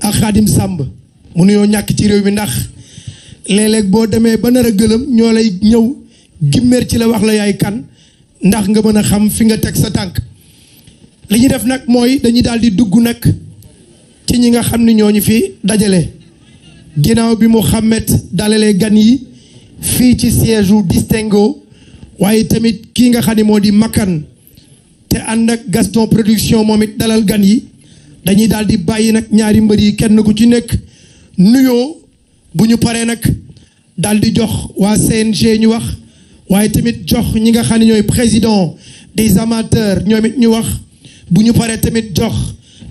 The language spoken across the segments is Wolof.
ak xaadim sàmb mënuyoo ñàkk ci réew mi ndax léeg-léeg boo demee ba nar a gëlëm ñoo lay ñëw gimmeer ci la wax la yaay kan ndax nga mën a xam fi nga teg sa tànk li ñu def nag mooy dañuy daal di dugg nag ci ñi nga xam ni ñoo ñu fi dajale ginnaaw bi mu xàmmet dalalee gan yi fii ci siège u distingo waaye tamit kii nga xam ne moo di makan te ànd ak Gaston production moom it dalal gan yi dañuy daal di bàyyi nag ñaari mbër yi kenn ku ci nekk nuyoo bu ñu paree nag daal di jox waa CNG ñu wax waaye tamit jox ñi nga xam ne ñooy président des amateurs ñoom it ñu wax bu ñu paree tamit jox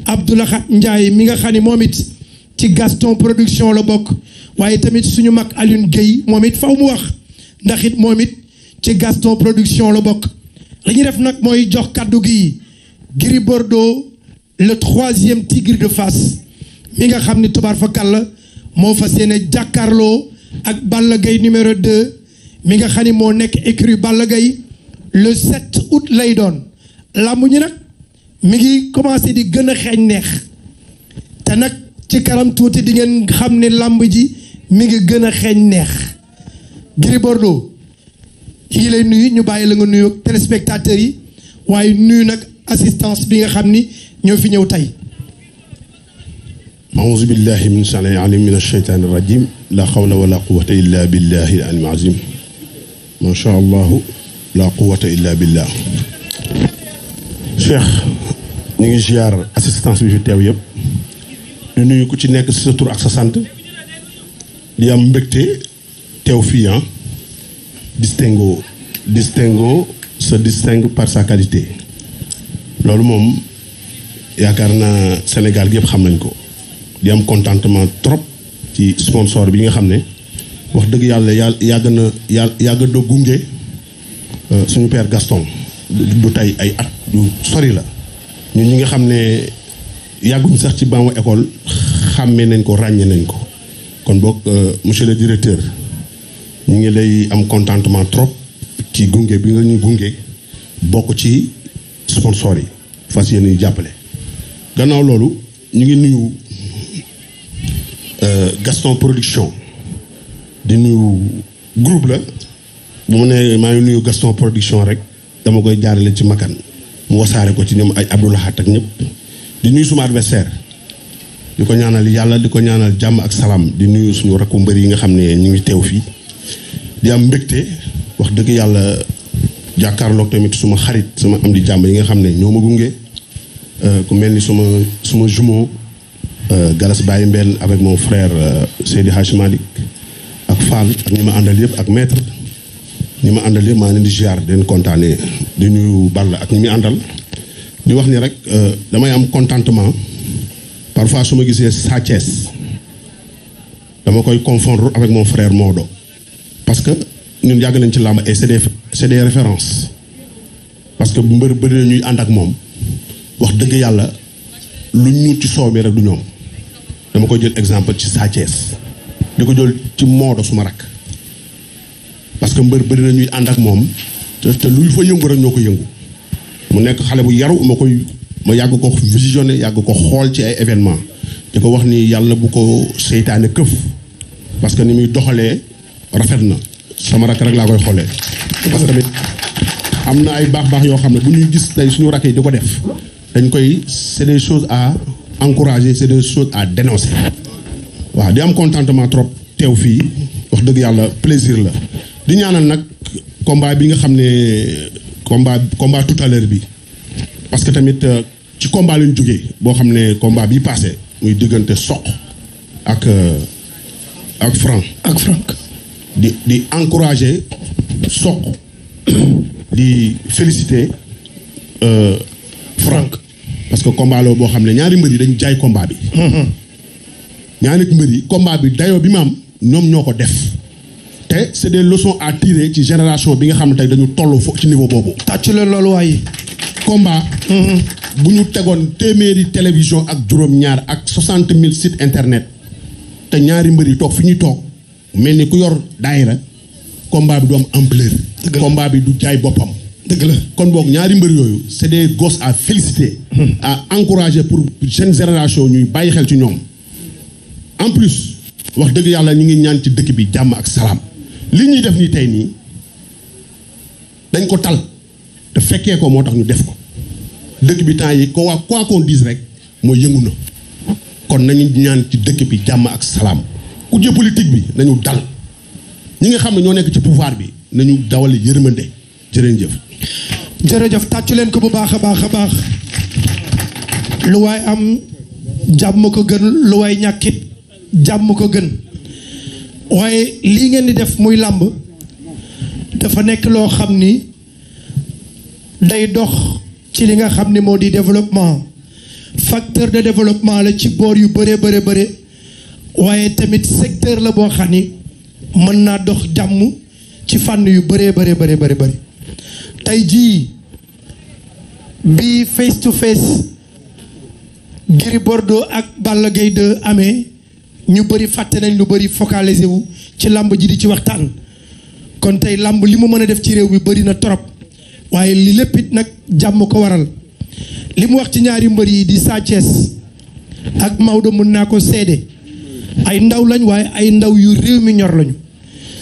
Abdoulaye Ndiaye mi nga xam ni moom it ci Gaston production la bokk waaye tamit suñu mag Alioune Guèye moom it faw mu wax ndax it moom it ci Gaston production la bokk la ñuy def nag mooy jox kaddu gi Gris Bordeaux le troisième tigre de Fass mi nga xam ni tubaar fa kàll moo fas yéene jàkkaarloo ak Balla Gaye numéro 2 mi nga xam ni moo nekk écurie Balla Gaye le 7 août lay doon làmb ñi nag mi ngi commencé di gën a xeeñ neex te nag ci kanam tuuti di ngeen xam ne làmb ji mi ngi gën a xeeñ neex Gris Bordeaux yi lay nuyu ñu bàyyi la nga nuyu téléspectateurs yi waaye nuyu nag assistance bi nga xam ni ñoo fi ñëw tey aouzu billahi min samiil alim min asheytaan irrajim la xawla wala quwata illa billahi al azim ma sha allah la quwata illa billah cheikh ñu ngi ziar assistance bi fi teew yëpp di nuyu ku ci nekk si sa tur ak sa sant di am mbégte teew fii ah distingo distingo se par sa qualité loolu moom yaakaar naa Sénégal gi yëpp xam nañ ko di am contentement trop ci sponsor bi nga xam ne wax dëgg yàlla yàgg na yàgg do gunge euh, suñu père Gaston du tey ay at yu sori la ñu ñi nga xam ne yàgguñ sax ci baamu école xàmmee nañ ko ràññee nañ ko kon boog euh, monsieur le directeur ñu ngi lay am contentement trop ci gunge bi nga ñu gunge bokk ci sponsor yi fas yéen ñu jàppale gannaaw loolu ñu ngi nuyu euh, Gaston production di nuyu groupe la mu ma ne maa ngi nuyu Gaston production rek dama koy jaarale ci makan mu wasaare ko ci ñoom ay Abdoulahat ak ñëpp di nuyu suma adversaire di ko ñaanal yàlla di ko ñaanal jàmm ak salaam di nuyu suñu rakku mbër yi nga xam ne ñu ngi teew fii di am mbégte wax dëgg yàlla jàkkaarloog tamit suma xarit suma am di jàmm yi nga xam ne ñoo ma gunge. Euh, ku mel ni suma suma jumeau euh, Galas Baye mbenn avec mon frère euh, Seydi Hadj Malick ak Fall ak ñi ma àndal yëpp ak maître ñi ma àndal yëpp maa leen di ziar di leen kontaanee di nuyu Balla ak ñi muy àndal di wax ni rek damay am contentement parfois su ma gisee Sa Thiès dama koy confondre avec mon frère Maodo parce que ñun yàgg nañ ci làmb et c'est des c'est des références parce que mbër bëri ñuy ànd ak moom. wax dëgg yàlla lu ñu ci soow soobee rek du ñoom dama koy jël exemple ci Sa Thiès di ko jël ci Moodo suma rakk parce que mbër bëri na ñuy ànd ak moom te te lu fa yëngu rek ñoo ko yëngu mu nekk xale bu yaru ma koy ma yàgg ko visionné yàgg ko xool ci ay événement di ko wax nii yàlla bu ko seytaane këf parce que ni muy doxalee rafet na sama rakk rek laa koy xoolee parce que tamit am na ay baax baax yoo xam ne bu ñuy gis tey suñu rakk yi du ko def dañ koy c'est des chose à encourager c'est des choses à dénoncer waaw di am contentement trop teew fii wax dëgg yàlla plaisir la di ñaanal nag combat bi nga xam ne combat combat tout à l'heure bi parce que tamit euh, ci combat lañ jógee boo xam ne combat bi passé muy diggante soq ak euh, ak franc ak franc di di encourager soq di féliciter euh, franc parce que boo xam ne ñaari mbër yi dañu jaay kombaa bi. ñaari mbër yi combat bi dayoo bi maam ñoom ñoo ko def. te c'est des leçons à tirer ci génération bi nga xam ne tey dañu toll fo ci niveau boobu. tàcc la loolu waaye. combat. Mm-hmm. bu ñu tegoon téeméeri télévision ak juróom-ñaar ak soixante mille sites internet. te ñaari mbër yi toog fu ñuy toog. mel ni ku yor daayira. combat bi du am ampleur. combat bi du jaay boppam. dëgg la kon boog ñaari mbër yooyu c'est des gosses à féliciter. à encourager pour jeune génération ñuy bàyyi xel ci ñoom. en plus wax dëgg yàlla ñu ngi ñaan ci dëkk bi jàmm ak salaam li ñuy def nii tey nii dañ ko tal te fekkee ko moo tax ñu def ko dëkk bi temps yi ko waa quoi qu'on dise rek mooy yëngu kon nañu ñaan ci dëkk bi jàmm ak salaam ku jë bi nañu dal ñi nga xam ne ñoo nekk ci pouvoir bi nañu dawal yërmande jërëjëf. jërëjëf tàccu leen ko bu baax a baax a baax lu waay am jàmm ko gën lu waay ñàkkit jàmm ko gën waaye lii ngeen di def muy làmb dafa nekk loo xam ni day dox ci li nga xam ni moo di développement facteur de développement la ci boor yu bëree bëre bëre waaye tamit secteur la boo xam mën naa dox jàmm ci fànn yu bëree bëre bëre bëri tey jii bi face to face Gris ak Balla Gaye 2 amee ñu bëri fàtte nañ lu bëri focalisé wu ci làmb ji di ci waxtaan kon tey làmb li mu mën a def ci réew mi bëri na trop waaye li lépp it nag jàmm ko waral limu wax ci ñaari mbër yi di Sa Thiès ak Maodo mën naa ko seede ay ndaw lañ waaye ay ndaw yu réew mi ñor lañu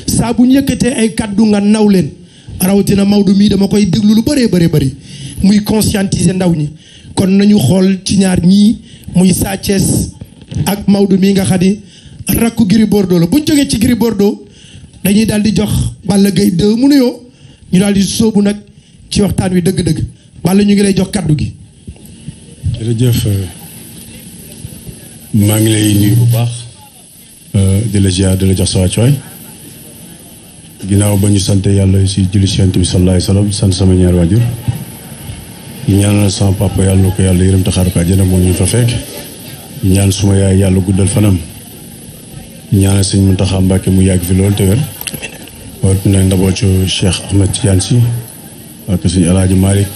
saa bu yëkkatee ay kàddu nga naw leen. rawatina Maodo mii dama koy déglu lu bëree bëri bëri muy conscientiser ndaw ñi kon nañu xool ci ñaar ñii muy Sa ak Maodo mii nga xam ni rakku Gris Bordeaux la bu ñu jógee ci Gris Bordeaux dañuy daal di jox Balla Gaye 2 mu nuyoo ñu daal di sóobu nag ci waxtaan wi dëgg-dëgg Balla ñu ngi lay jox kàddu gi. jërëjëf ngi lay bu baax euh, di la ziar di la jox sa ginnaaw ba ñu sant yàlla si julli si yonent bi sallallahu alayhi wasallam sant sama ñaar waajur ñu ñaanal sama papa yàlla na ko yàlla yërëm taxaar ko àjjana moo ñu fa fekk ñaan suma yaay yàlla guddal fanam ñaanal sëñ Muntaxa Mbàkke mu yàgg fi loolu te wér wat na ndaboocu Cheikh Ahmed Tidiane Sy ak sëñ Alaaji Malick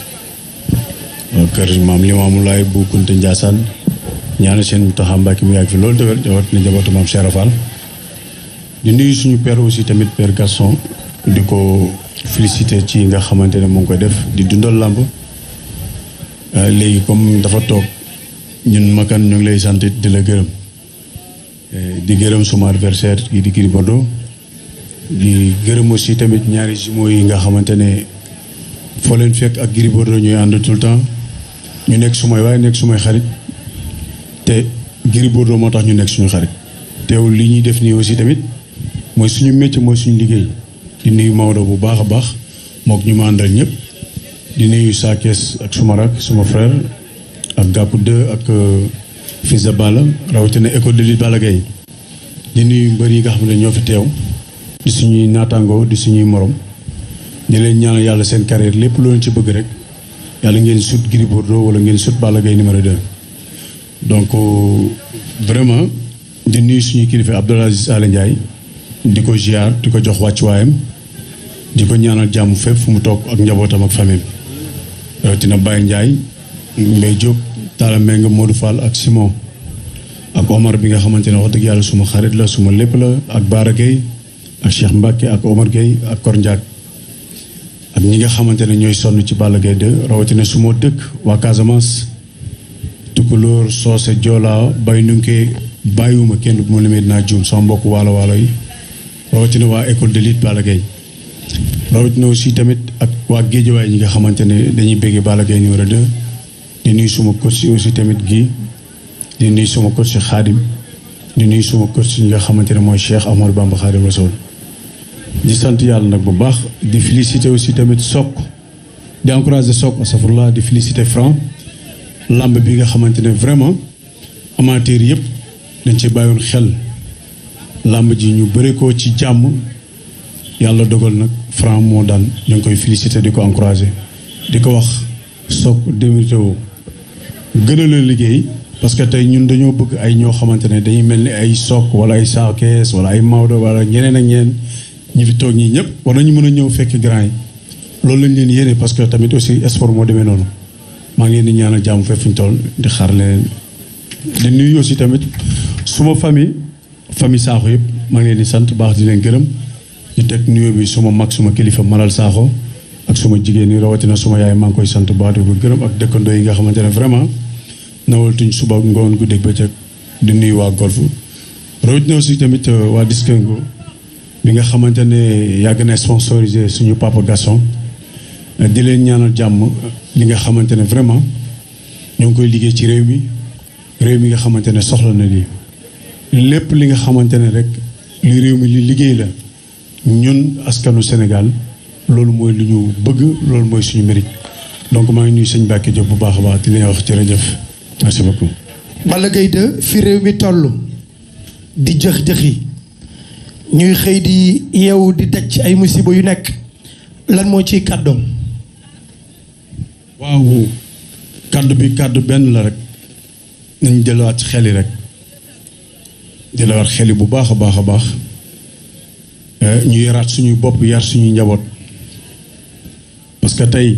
kër maam Limaamu Laay bu Kunta Njaasaan ñaanal sëñ Muntaxa Mbàkke mu yàgg fi loolu te wér wat na njabootu maam Cheikh Fall di nuyu suñu père aussi tamit père Gaston di ko félicité ci nga xamante ne mu ngi koy def di dundal làmb euh, léegi comme dafa toog ñun makan ñu ngi lay sant di la gërëm euh, di gërëm suma adversaire yi di Gris di gërëm aussi tamit ñaari jumeaux yi nga xamante ne foo leen fekk ak Gris ñuy ànd tout le temps ñu nekk sumay waaye nekk sumay xarit te Gris Bordeaux moo tax ñu nekk suñu xarit teewul li ñuy def nii aussi tamit mooy suñu métier mooy suñu liggéey di nuyu Maodo bu baax a baax mook ñu ma àndal ñëpp di nuyu Sa ak suma rak suma frère ak Gàpp 2 ak euh, Fils de Balla rawatina école de lutte Balla di nuyu mbër yi nga xam ne ñoo fi teew di suñuy naataangoo di suñuy morom di leen ñaanal yàlla seen carrière lépp loolu ci bëgg rek yàlla ngeen sut Gris Bordeaux wala ngeen sut Balla Gaye numéro 2. donc euh, vraiment di nuyu suñu kilifa Abdoul Aziz Alé Ndiaye di ko ziar di ko jox wàccuwaayam di ko ñaanal jàmm fépp fu mu toog ak njabootam ak famille bi rawatina Baye Ndiaye Mbaye Diop Talla Mbengue ak Simon ak Omar bi nga xamante ne wax dëgg yàlla suma xarit la suma lépp la ak Baara Gueye ak Cheikh Mbacke ak Omar ak Kor Ndiak ak ñi nga xamante ne ñooy sonn ci Balla Gaye 2 rawatina suma dëkk waa Casamance Tukulóor Soose Joola Bay Nunke bàyyiwuma kenn bu ma limee dinaa juum sama mbokk waalo waalo yi rawatina waa école de lutte Balla Gaye rawatina aussi tamit ak waa géejawaay ñi nga xamante ne dañuy béggee Balla war a dë di nuyu suma coach aussi tamit gii di nuyu suma coach Xaadim di nuyu suma coach ñi nga xamante ne mooy Cheikh Amadou Bamba Xaadim Rasoul di sant yàlla nag bu baax di féliciter aussi tamit Sokk di encourager Sokk asafurlah di féliciter Franc làmb bi nga xamante ne vraiment amateur yëpp dañ ci bàyyoon xel làmb ji ñu bëri ko ci jàmm yàlla dogal nag Franc moo daan ñu ngi koy féliciter di ko encourager di ko wax soog démétéo gën a la liggéey parce que tey ñun dañoo bëgg ay ñoo xamante ne dañuy mel ni ay sock wala ay saakees wala ay Maodo wala ñeneen ak ñeneen ñi fi toog ñii ñëpp war ñu mën a ñëw fekk grand yi loolu lañ leen yéene parce que tamit aussi sport moo deme noonu maa ngeen di ñaan a jàmm fee fu ñu toll di xaar leen di nuyu aussi tamit suma famille famille Sakho yëpp maa ngi leen di sant baax di leen gërëm di teg nuyoo bi suma mag suma kilifa Malal Sakho ak suma jigéen ñi rawatina suma yaay maa ngi koy sant baax di ko gërëm ak dëkkandoo yi nga xamante ne vraiment nawaltuñ suba ngoon guddeeg bëccëg di nuy waa golf rawatina aussi tamit euh, waa Diskengo bi nga xamante ne yàgg na sponsorisé suñu papa Gaston di leen ñaanal jàmm li nga xamante ne vraiment ñoo ngi koy liggéey ci réew bi réew bi nga xamante ne soxla na lii. lépp li nga xamante ne rek li réew mi li liggéey la ñun askanu Sénégal loolu mooy lu ñu bëgg loolu mooy suñu mérite donc maa ngi nuyu sëñ Mbacke Diop bu baax a baax di leen wax jërëjëf merci beaucoup. bala Gaye 2 fi réew mi toll di jëx jëxi ñuy xëy di yeewu di daj ci ay musiba yu nekk lan moo ciy kàddoom. waaw kàddu bi kàddu benn la rek nañ jëlaat ci xel yi rek. di la war xeli bu baax a baax a baax eh, ñu yaraat suñuy bopp yar suñuy njaboot parce que tey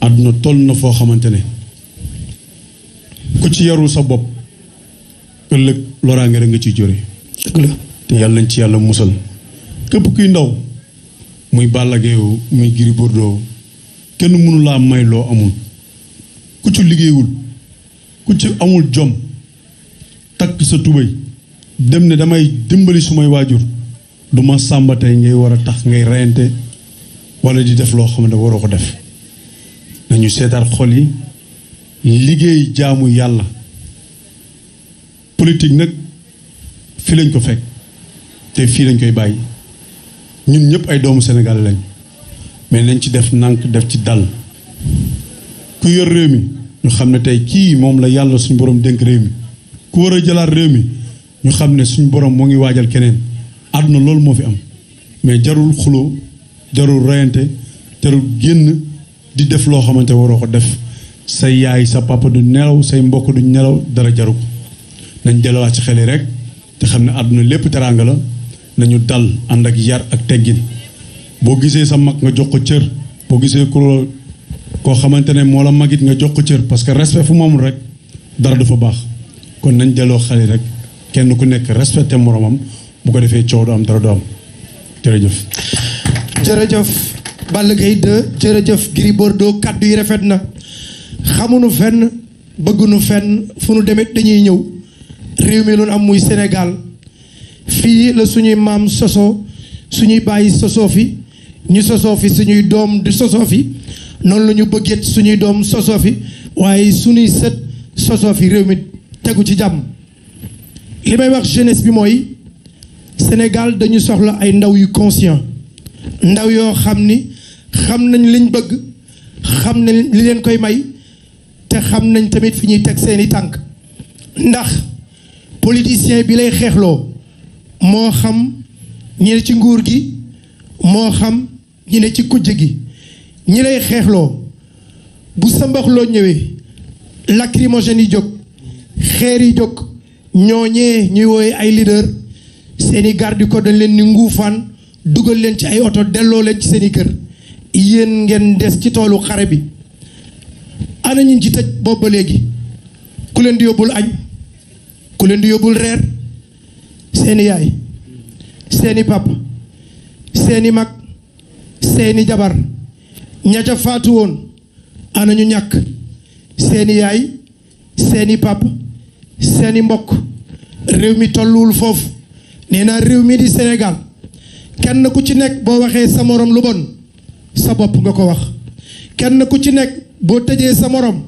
àdduna toll na foo xamante ne ku ci yarul sa bopp ëllëg loraange rek nga ciy jóre te yàlla nañ ci yàlla musal képp kuy ndaw muy Balla Gaye muy Gris Bordeaux kenn mënu laa may loo amul ku ci liggéeyul ku ci amul jom takk sa tubéy dem ne damay dimbali sumay waajur du ma sàmba tey ngay war a tax ngay reyante walla di def loo xam ne waroo ko def nañu seetaat xol yi liggéey jaamu yàlla politique nag fii lañ ko fekk te fii lañ koy bàyyi ñun ñëpp ay doomu Sénégal lañ mais nañ ci def nànk def ci dal ku yor réew mi ñu xam ne tey kii moom la yàlla suñu borom dénk réew mi ku war a jëlaat réew mi ñu xam ne suñu borom moo ngi waajal keneen àdduna loolu moo fi am mais jarul xuloo jarul rayante jarul génn di def loo xamante waroo ko def say yaay sa papa du nelaw say mbokk du nelaw dara jaru ko nañ delluwaat ci xel yi rek te xam ne àdduna lépp teraanga la nañu dal ànd ak yar ak teggin boo gisee sa mag nga jox ko cër boo gisee ku koo xamante ne moo la magit nga jox ko cër parce que respect fu moomul rek dara du baax kon nañ delloo xel rek kenn ku nekk respecté moromam bu ko defee coow du am dara du am jërëjëf. jërëjëf Balla Gaye 2 jërëjëf Gris Bordeaux kàddu yi rafet na xamuñu fenn nu fenn fu nu demee dañuy ñëw réew mi loolu am muy Sénégal fii la suñuy maam soso suñuy bàyyi sosoo fi ñu sosoo fi suñuy doom di sosoo fi noonu la ñu bëggee suñuy doom sosoo fi waaye suñuy sët sosoo fi réew mi tegu ci jàmm. li may wax jeunesse bi mooy Sénégal dañu soxla ay ndaw yu conscient ndaw yoo xam ni xam nañ lañ bëgg xam nañ li leen koy may te xam nañ tamit fi ñuy teg seeni tànk ndax politicien bi lay xeexloo moo xam ñi ci nguur gi moo xam ñi ne ci kujje gi ñi lay xeexloo bu sambaxloo ñëwee lacrymogène yi jóg xeer yi jóg ñoo ñee ñuy wooye ay leader seeni garde du dañ leen ni nguufaan dugal leen ci ay oto delloo leen ci seeni kër yéen ngeen des ci toolu xare bi ana ñu ci tëj boobu ba léegi ku leen di yóbbul añ ku leen di yóbbul reer seeni yaay seeni papa seeni mag seeni jabar ña faatu woon ana ñu ñàkk seeni yaay seeni papa seeni mbokk réew mi tolluwul foofu nee naa réew mi di Sénégal kenn ku ci nekk boo waxee sa moroom lu bon sa bopp nga ko wax kenn ku ci nekk boo tëjee sa morom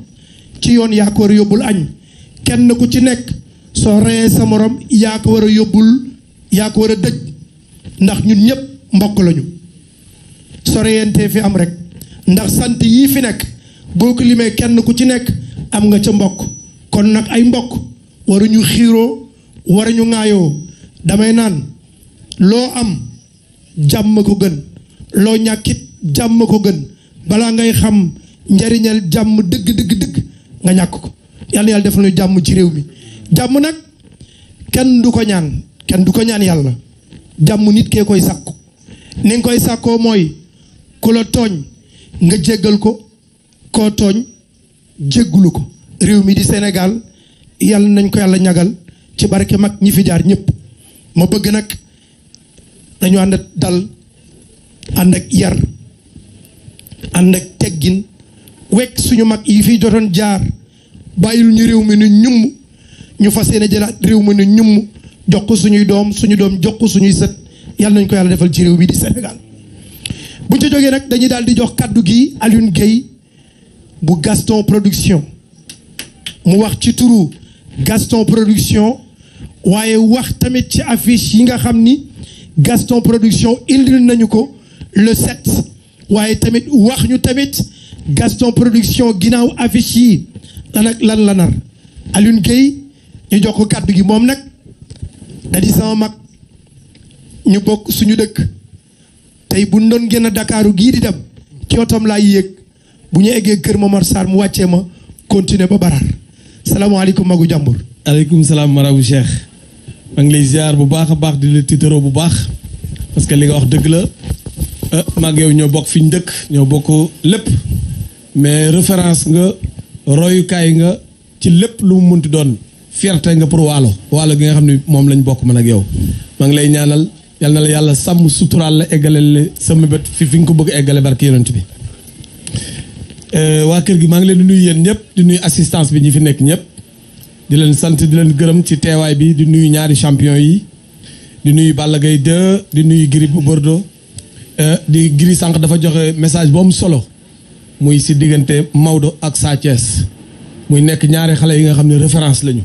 ci yoon yaa ko war a yóbbul kenn ku ci nekk soo reyee sa morom yaa ko war a yóbbul yaa war a dëj ndax ñun ñëpp mbokk lañu soreyante fi am rek ndax sant yii fi nekk boo ko kenn ku ci nekk am nga ca mbokk kon nag ay mbokk waruñu xiiroo waruñu ŋaayoo damay naan loo am jàmm ko gën loo ñàkkit jàmm ko gën balaa ngay xam njariñal jàmm dëgg dëgg dëgg nga ñàkk ko yàlla yàlla defal ñu jàmm ci réew mi jàmm nag kenn du ko ñaan kenn du ko ñaan yàlla jàmm nit kee koy sàkku ni koy sàkkoo mooy ku la tooñ nga jéggal ko koo tooñ jéggulu ko réew mi di senegal yàlla nañ ko yàlla ñagal ci barke mag ñi fi jaar ñëpp ma bëgg nag dañu ànd dal ànd ak yar ànd ak teggin wekk suñu mag yi fi jotoon jaar bàyyil ñu réew mi nu ñum ñu fas yéene jëlaat réew mi nu ñum jox ko suñuy doom suñu doom jox ko suñuy sët yàlla nañ ko yàlla defal ci réew mi di senegal bu ñu ci jógee nag dañuy daal di jox kàddu gi alun Guèye bu Gaston Production mu wax ci turu Gaston Production waaye wax tamit ci affiche yi nga xam ni Gaston Production indil nañu ko le set waaye tamit wax ñu tamit Gaston Production ginnaaw affiche yi lan lan la nar Alioune Gueye ñu jox ko kàddu gi moom nag da di sama mag ñu bokk suñu dëkk tey bu doon génn Dakaaru gii di dem ci otom laay yéeg bu ñu eggee kër Momar Sarr mu wàccee ma continuer ba Baraar salaamaaleykum Magu Jàmbur. aleykum salaam marabu Cheikh. maa ngi lay ziar bu baax a baax di la tiitaroo bu baax parce que li nga wax dëgg la ah, mag yow ñoo bokk fi ñu dëkk ñoo bokk lépp mais référence nga royukaay nga ci lépp lu mu munti doon fierté nga pour waalo waalo gi nga xam ne moom lañ bokk mën ak yow maa ngi lay ñaanal yal na la yàlla sàmm suturaal la eggale la sa mébét fi fi nga ko bëgg a eggale barki yonent bi. Euh, waa kër gi maa ngi leen di nuyu yéen ñëpp di nuy assistance bi ñi fi nekk ñëpp di leen sant di leen gërëm ci teewaay bi di nuyu ñaari champion yi di nuyu Balla Gaye 2 di nuyu Gris Bordeaux euh, di giri sànq dafa joxe message bu solo muy si diggante Maodo ak Sa Thiès muy nekk ñaari xale yi nga xam ne référence lañu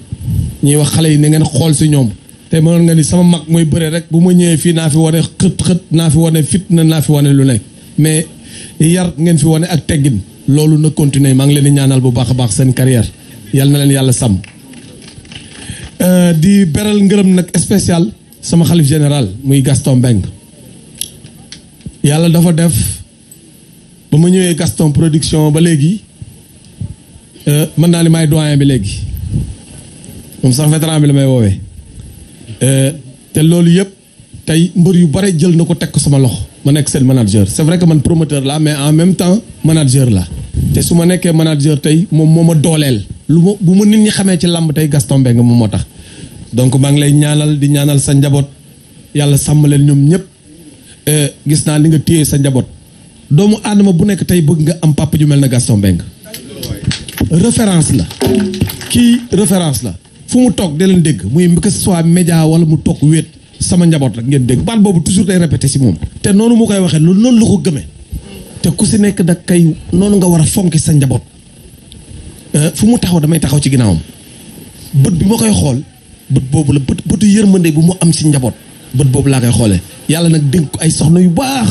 ñuy wax xale yi na ngeen xool si ñoom te mënoon nga ni sama mag mooy bëre rek bu ma ñëwee fii naa fi wane xët xët naa fi wane fit na naa fi wane lu nekk mais yar ngeen fi wane ak teggin loolu na continuer maa ngi leen di ñaanal bu baax a baax seen carrière yal na leen yàlla sàmm euh, di beral ngërëm nag spécial sama xalif général muy Gaston Mbengue yàlla dafa def ba ma ñëwee Gaston production ba léegi euh, mën naa ni maay doyen bi léegi moom sax vétéran bi la may woowee euh, te loolu yëpp tey mbër yu bare jël na ko teg ko sama loxo ma nekk seen manager c'est vrai que man promoteur la mais en même temps manager la te su ma nekkee manager tey moom moo ma dooleel lu ma bu ma nit ñi xamee ci làmb tey Gaston Mbengue moom moo tax donc maa ngi lay ñaanal di ñaanal sa njaboot yàlla sàmm leen ñoom ñëpp eh, gis naa li nga téye sa njaboot doomu aadama bu nekk tey bëgg nga am papa ju mel na Gaston Mbengue référence la kii référence la fu mu toog da leen dégg muy que ce soit média wala mu toog wéet sama njaboot rek ngeen dégg baat boobu toujours day répété si moom te noonu mu koy waxee loolu noonu lu gëmee te ku si nekk da kay noonu nga war a fonki sa njaboot euh, fu mu taxaw damay taxaw ci ginnaawam bët bi ma koy xool bët boobu la bët bëtu yërmande bu mu am si njaboot bët boobu laa koy xoolee yàlla nag dénk ay soxna yu baax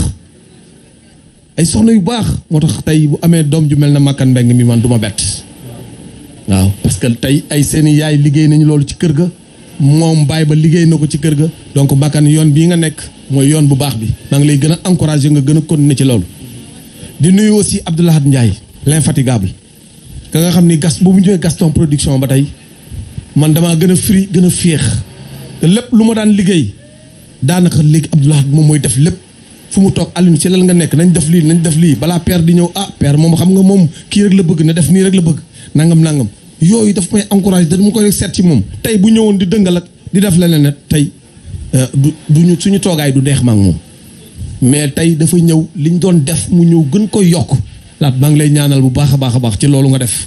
ay soxna yu baax moo tax tey bu amee doom ju mel na màkkan mbeng mi man du ma bett waaw parce que tey ay seeni yaay liggéey nañu loolu ci kër ga moom baay ba liggéey na ko ci kër ga donc màkkan yoon bii nga nekk mooy yoon bu baax bi maa ngi lay gën a encouragé nga gën a continuer ci loolu di nuyu aussi Abdoulahad Ndiaye l'infatigable ka nga xam ni gas boobu mu ñëwee Gaston production ba tey man damaa gën a fri gën a féex te lépp lu ma daan liggéey daanaka léegi Abdoulahad moom mooy def lépp fu mu toog Alioune ci lan nga nekk nañ def lii nañ def lii balaa père di ñëw ah per moom xam nga moom kii rek la bëgg na def nii rek la bëgg nangam nangam yooyu daf may encourage da mu koy seet ci moom tey bu ñëwoon di dëngal ak di def leneen nag tey euh, du duñu suñu toogaay du neex ma moom mais tey dafa ñëw li ñu doon def mu ñëw gën koy yokk laat maa ngi lay ñaanal bu baax a baax a baax ci loolu nga def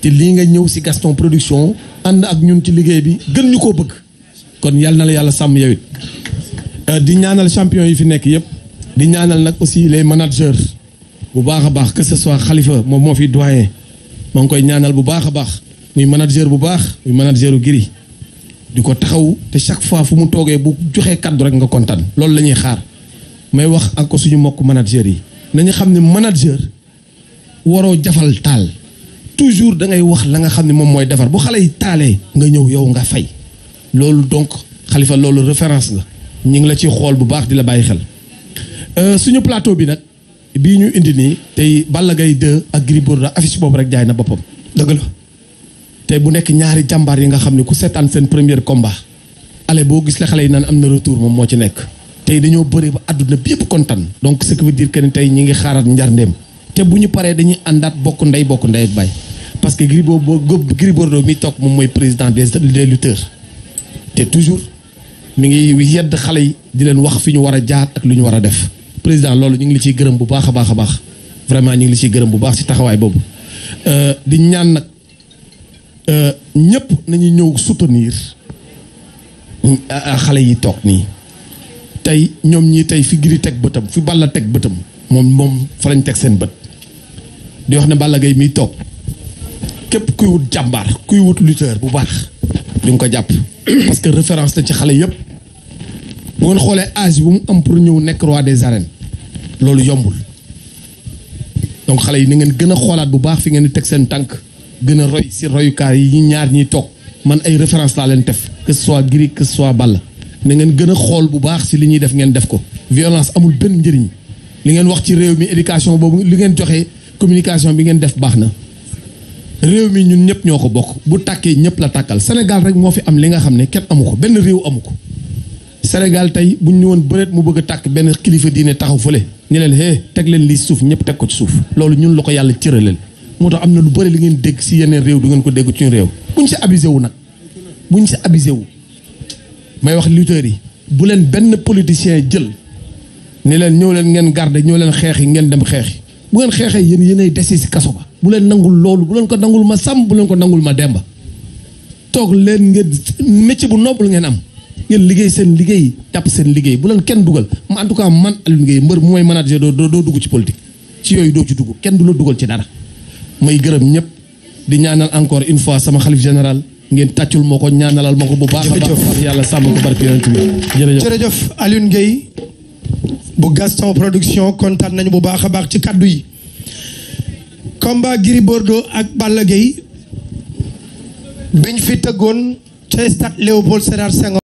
te lii nga ñëw si Gaston Production ànd ak ñun ci liggéey bi gën ñu koo bëgg kon yal na la yàlla sàmm yow it euh, di ñaanal champion yi fi nekk yëpp di ñaanal nag aussi les managers bu baax a baax que ce soit Khalifa moom moo fi doyen maa ngi koy ñaanal bu baax a baax muy manager bu baax muy manageru Giri di ko taxaw te chaque fois fu mu toogee bu joxee kaddu rek nga kontaan loolu la ñuy xaar. may wax ak ko suñu mbokk manager yi nañu xam ne manager waroo jafal taal toujours da ngay wax la nga xam ne moom mooy defar bu xale yi taalee nga ñëw yow nga fay loolu donc xalifa loolu référence la ñu ngi la ci xool bu baax di la bàyyi xel euh, suñu plateau bi nag bii ñu indi nii tey Balla Gaye 2 ak Gris Bordeaux affiche boobu rek jaay na boppam dëgg la tey bu nekk ñaari jàmbaar yi nga xam ne ku seetaan seen premier combat ale boo gis la xale yi naan am na retour moom moo ci nekk tey dañoo bëri ba àdduna bi yëpp kontaan donc ce qui veut dire que ni tey ñi ngi xaaraat njarndeem te bu ñu paree dañuy àndaat bokk ndey bokk ndey ak baay parce que Gris Bordeaux Gris Bordeaux mi toog moom mooy président des des lutteurs te toujours mi ngi yedd xale yi di leen wax fi ñu war a jaar ak lu ñu war a def président loolu ñu ngi li ciy gërëm bu baax a baax a baax vraiment ñu ngi li ciy gërëm bu baax ci taxawaay boobu euh, di ñaan nag euh, ñëpp nañu ñëw soutenir euh, xale yi toog nii tey ñoom ñii tey fi giri teg bëtam fi Balla teg bëtam moom moom fa lañ teg seen bët di wax ne Balla gay mii toog képp kuy wut jàmbaar kuy wut lutteur bu baax di nga ko jàpp parce que référence la ci xale yëpp bu ngeen xoolee asi bu mu am pour ñëw nekk roi des arènes loolu yombul donc xale yi na ngeen gën a xoolaat bu baax fi ngeen di teg seen tànk gën a roy si royukaay yi ñaar ñiy toog man ay référence laa leen def que ce soit Gris que Balla na ngeen gën a xool bu baax si li ñuy def ngeen def ko violence amul benn njëriñ li ngeen wax ci réew mi éducation boobu li ngeen joxe communication bi ngeen def baax na réew mi ñun ñëpp ñoo ko bokk bu tàkkee ñëpp la tàkkal Sénégal rek moo fi am li nga xam ne kenn amu ko benn réew amu ko Sénégal tey bu ñu ñëwoon bëreet mu bëgg tàkk benn kilifa diine taxaw fële ñu leen hee teg leen lii suuf ñëpp teg ko ci suuf loolu ñun la ko yàlla cëraleen moo tax am na lu bëri li ngeen dégg si yeneen réew du ngeen ko dégg ci réew buñ si abusé wu nag buñ si abusé wu may wax lutteurs yi bu leen benn politicien jël ni leen ñëw leen ngeen garde ñëw leen xeexi ngeen dem xeexi bu ngeen xeexee yéen yéenay dese si kaso ba bu leen nangul loolu bu leen ko nangul ma sàmm bu leen ko nangul ma demba toog leen ngeen métier bu noble ngeen am ngeen liggéey seen liggéey jàpp seen liggéey bu leen kenn dugal ma en tout cas man Aliou Ngueye mbër mu may manager doo doo dugg ci politique ci yooyu doo ci dugg kenn du la dugal ci dara may gërëm ñëpp di ñaanal encore une fois sama xalif général ngeen tàccul ma ko ñaanalal ma ko bu baax baax yàlla sàmm ko barke yonent bi jërëjëf jërëjëf Alioune bu Gaston production kontaan nañu bu baax a baax ci kàddu yi combat Gris Bordeaux ak Balla Gaye biñ fi tëggoon ca Léopold Sédar Senghor